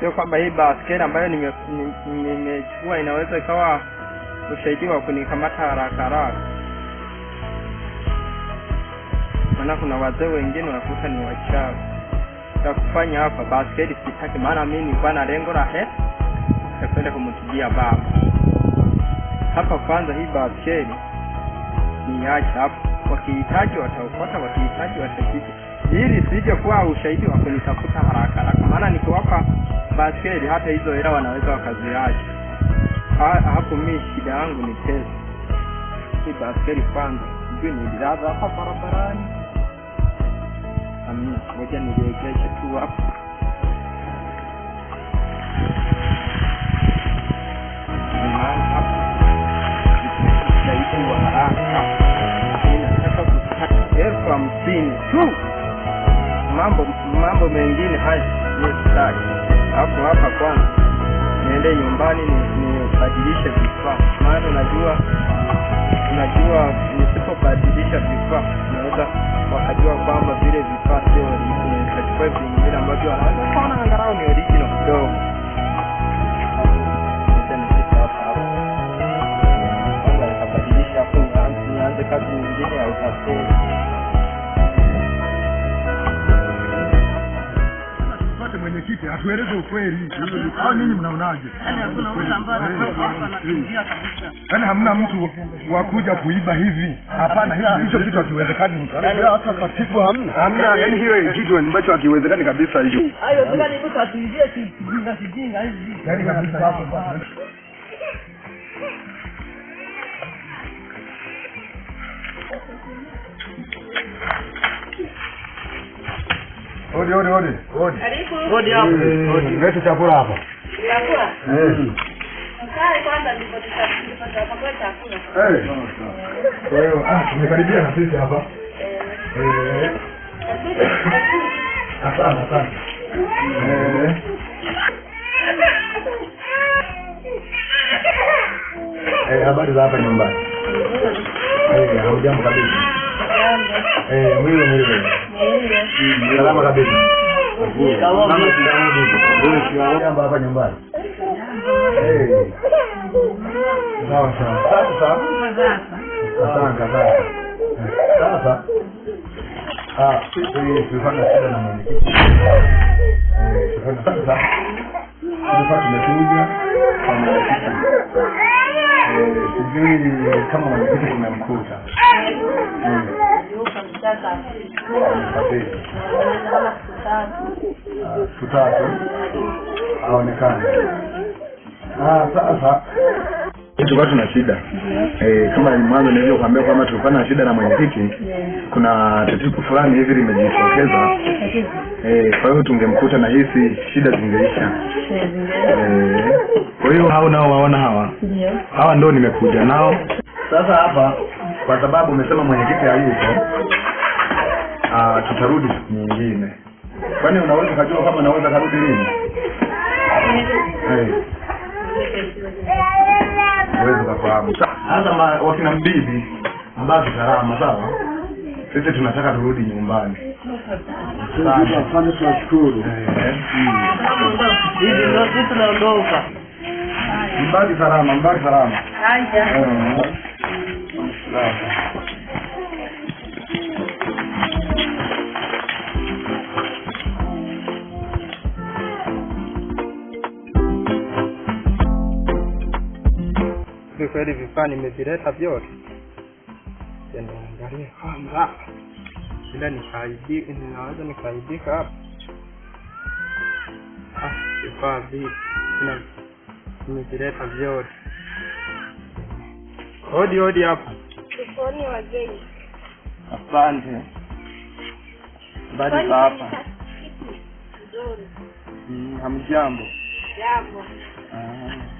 sio kwamba hii baskeli ambayo nimechukua inaweza ikawa ushahidi wa kunikamata haraka haraka maana kuna wazee wengine wakuta ni wachawi ya kufanya hapa baskeli sitaki maana mi nikuwa na lengo la he ya kwenda baba hapa kwanza hii baskeli ni hapo wakihitaji wataokota wakihitaji watakitu ili sije kuwa ushahidi wa kunitafuta haraka haraka, maana nikiwapa baskeli hata hizo hela wanaweza wakaziacha. Hapo mi shida yangu ni pesa, si baskeli kwanza, sijui nililaza hapa barabarani. Amina, ngoja niliegeshe tu hapo. Elfu hamsini tu mambo mambo mengine haya sitaki. Hapo hapa kwangu niende nyumbani nibadilishe vifaa, maana najua unajua nisipobadilisha vifaa tueleze ukweli au nyinyi mnaonaje? Yaani, yaani hamna mtu wa kuja kuiba hivi? Hapana, hicho yaani kitu hakiwezekani. Yaani hamna, Yaani hiyo kitu ambacho hakiwezekani kabisa hiyo. kabisa Hodi hodi hodi. Hodi. Karibu. Hodi hapo. Hodi. Leta chakula hapa. Chakula? Eh. Sasa kwanza ndipo tutapata kwa chakula. Eh. Kwa hiyo ah tumekaribia na sisi hapa. Eh. Asante asante. Eh. Eh, habari za hapa nyumbani. Eh, hujambo kabisa. Eh, mimi mimi. Salama kabisa. Jambo hapa nyumbani. Sawa sawa. Sasa asante sana. Sasa ah, sisi tulifanya shida na mwenyekiti. Sasa tulikuwa tumekuja kwa mwenyekiti. Sijui kama mwenyekiti umemkuta siku tatu aonekane. Ah, sasa tulikuwa tuna shida eh, kama mwanzo nilivyokuambia kwamba tulikuwa na shida na mwenyekiti, kuna tatizo fulani hivi limejitokeza eh, kwa hiyo tungemkuta na hisi shida zingeisha eh, kwa hiyo hao nao waona hawa hawa ndio nimekuja nao sasa hapa, kwa sababu umesema mwenyekiti hayupo ah, tutarudi siku nyingine kwani unaweza kujua kama naweza karudi lini hey. uwezi ukafahamu wakina mbibi ambayo salama sawa sisi tunataka turudi nyumbani sana tunashukuru tunaondoka mbaki salama mbaki salama kweli kweli, vifaa nimevileta vyote. Naangalia ah, kwamba ila ninaweza nikaidika hapa. Ah, vifaa vipi? Nimevileta vyote. Hodi hodi hapa. Sifoni wazee. Asante. Bali hapa. Mm, hamjambo. Jambo. Ah.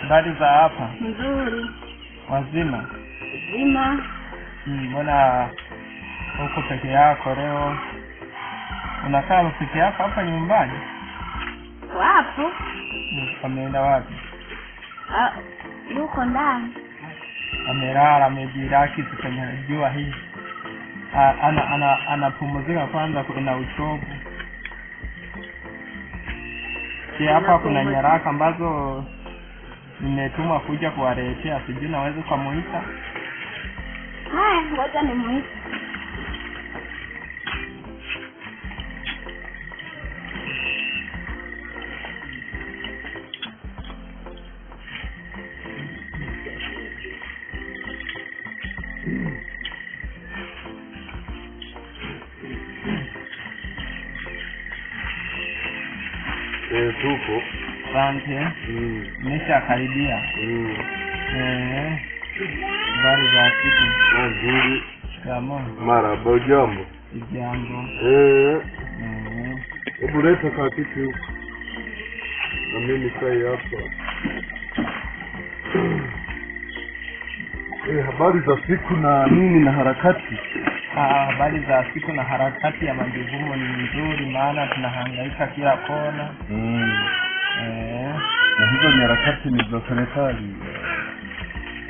Habari za hapa? Nzuri. Wazima? Wazima. Hmm, mbona mm, uko peke yako leo? Unakaa peke yako hapa nyumbani? Wapo. Ameenda wapi? Ah, yuko ndani amelala amejiraki, kwenye jua anapumuzika ana, ana kwanza, kuna uchovu si Hapa kuna nyaraka ambazo nimetumwa kuja kuwaletea, sijui naweza ukamuita. Haya, ngoja nimuita. Eh, tupo. Asante. Eh? Mm. Nimeshakaribia. Mm. Eh. za siku? Nzuri. Shikamoo. Marahaba, Jambo jambo. Eh. eh. Hebu leta kakiti Na mimi kai hapa. Eh, habari za siku na nini na harakati? Ah, habari za siku na harakati ya majukumu ni nzuri, maana tunahangaika kila kona mm. E, na hizo ni harakati ni za serikali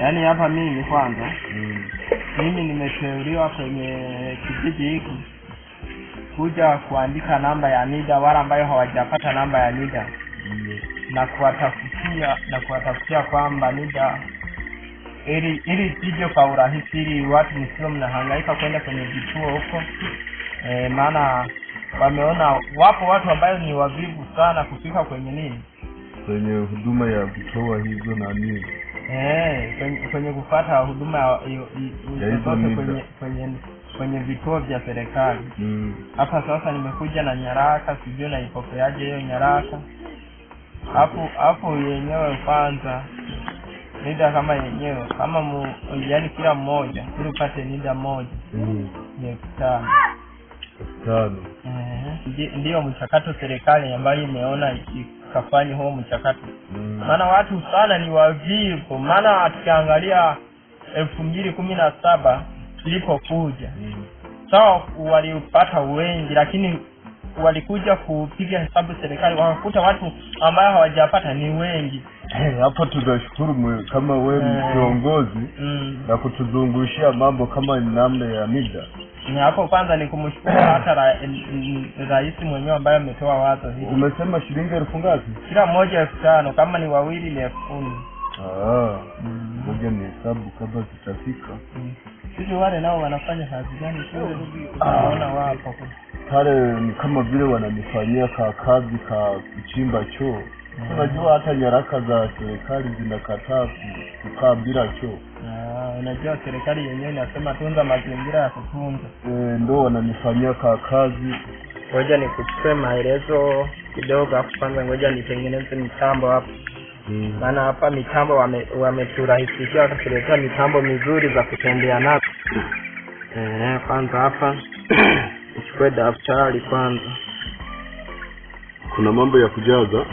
yaani hapa mimi kwanza mm. mimi nimeteuliwa kwenye kijiji hiki kuja kuandika namba ya NIDA wala ambayo hawajapata namba ya NIDA mm. na kuwatafutia na kuwatafutia kwamba NIDA ili ili isije kwa urahisi, ili watu msio mnahangaika kwenda kwenye vituo huko e, maana wameona wapo watu ambayo ni wavivu sana kufika kwenye nini, kwenye huduma ya kutoa hizo na nini e, kwenye, kwenye kufata huduma ya, kwenye, kwenye kwenye vituo vya serikali mm. hapa mm. Sasa nimekuja na nyaraka, sijui naipokeaje hiyo nyaraka hapo hapo yenyewe kwanza nida kama yenyewe kama mu, yani kila mmoja ili upate nida moja mm. ni elfu tano tano ndiyo mchakato serikali ambayo imeona ikafanya huo mchakato mm. maana mm. watu sana ni wavivu maana tukiangalia elfu mbili kumi na saba tulipokuja mm. sawa so, waliupata wengi lakini walikuja kupiga hesabu serikali wakakuta watu ambayo hawajapata ni wengi hapa tunashukuru kama we mkiongozi eh. mm. na kutuzungushia mambo kama namna ya mida hapo kwanza ni kumshukuru hata rais mwenyewe ambaye ametoa wazo hili umesema shilingi elfu ngapi kila mmoja elfu tano kama ni wawili ni elfu kumi ah, moja mm. ni hesabu kabla zitafika mm. sisi wale nao wanafanya kazi gani ah. naona wapo pale kama vile wananifanyia ka kazi ka kuchimba choo Unajua hata nyaraka za serikali zinakataa kukaa bila choo. Unajua serikali yenyewe inasema tunza mazingira ya kutunza. E, ndo wananifanyia ka kazi. Ngoja nikuchukue maelezo kidogo, afu kwanza ngoja nitengeneze mitambo hapa mm. maana hmm. hapa mitambo wameturahisishia wame wakatuletea mitambo mizuri za kutembea nazo. Eh, kwanza hapa uchukue daftari kwanza, kuna mambo ya kujaza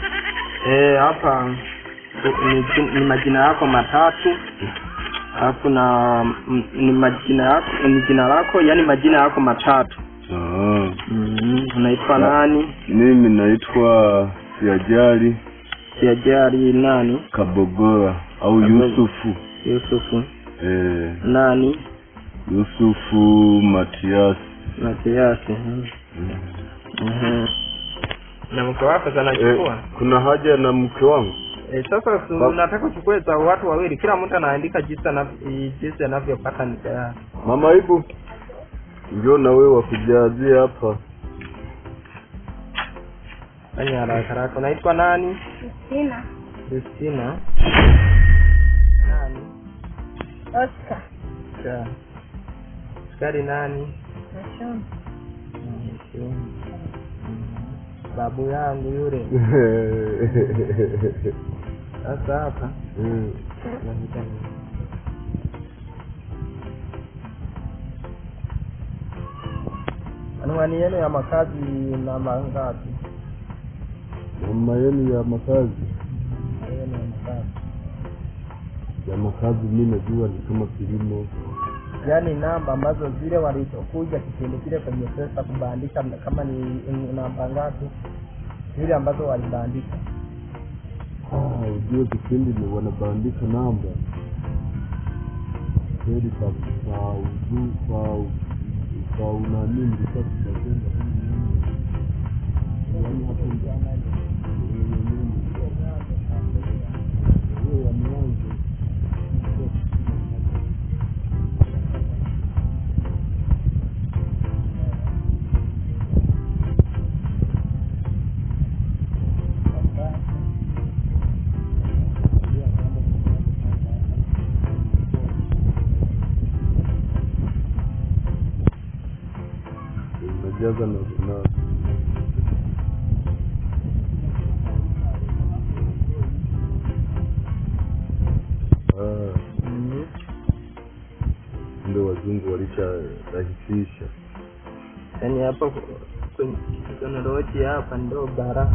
Eh, hapa ni, majina yako matatu alafu na mm, ni majina yako ni jina lako yani majina yako matatu ah. mm, unaitwa na, nani mimi naitwa siajari siajari nani kabogora au yusufu yusufu eh. nani yusufu matias matias eh. mm. mm -hmm na mke wako anachukua e, kuna haja na mke wangu e, sasa tunataka uchukue za watu wawili kila mtu anaandika jinsi eh, anavyopata nika yake mama ibu ndio na wewe wakujazie hapa fanya haraka unaitwa nani Christina Christina nani Oscar Oscar Oscar nani babu yangu yule sasa hapa mm. anwani yenu ya makazi na mangapi namna yenu ya makazi ya makazi mi najua ni kama kilimo yani namba ambazo zile walizokuja kipindi kile kwenye pesa kubandika, kama ni namba ngapi zile ambazo walibandika. Ah, ujue kipindi ni wanabandika namba kweli kwa unani yaani hapo kucheza na Ronaldo. Ah. Ndio wazungu walisharahisisha, yaani hapa kwenye teknolojia hapa ndo bara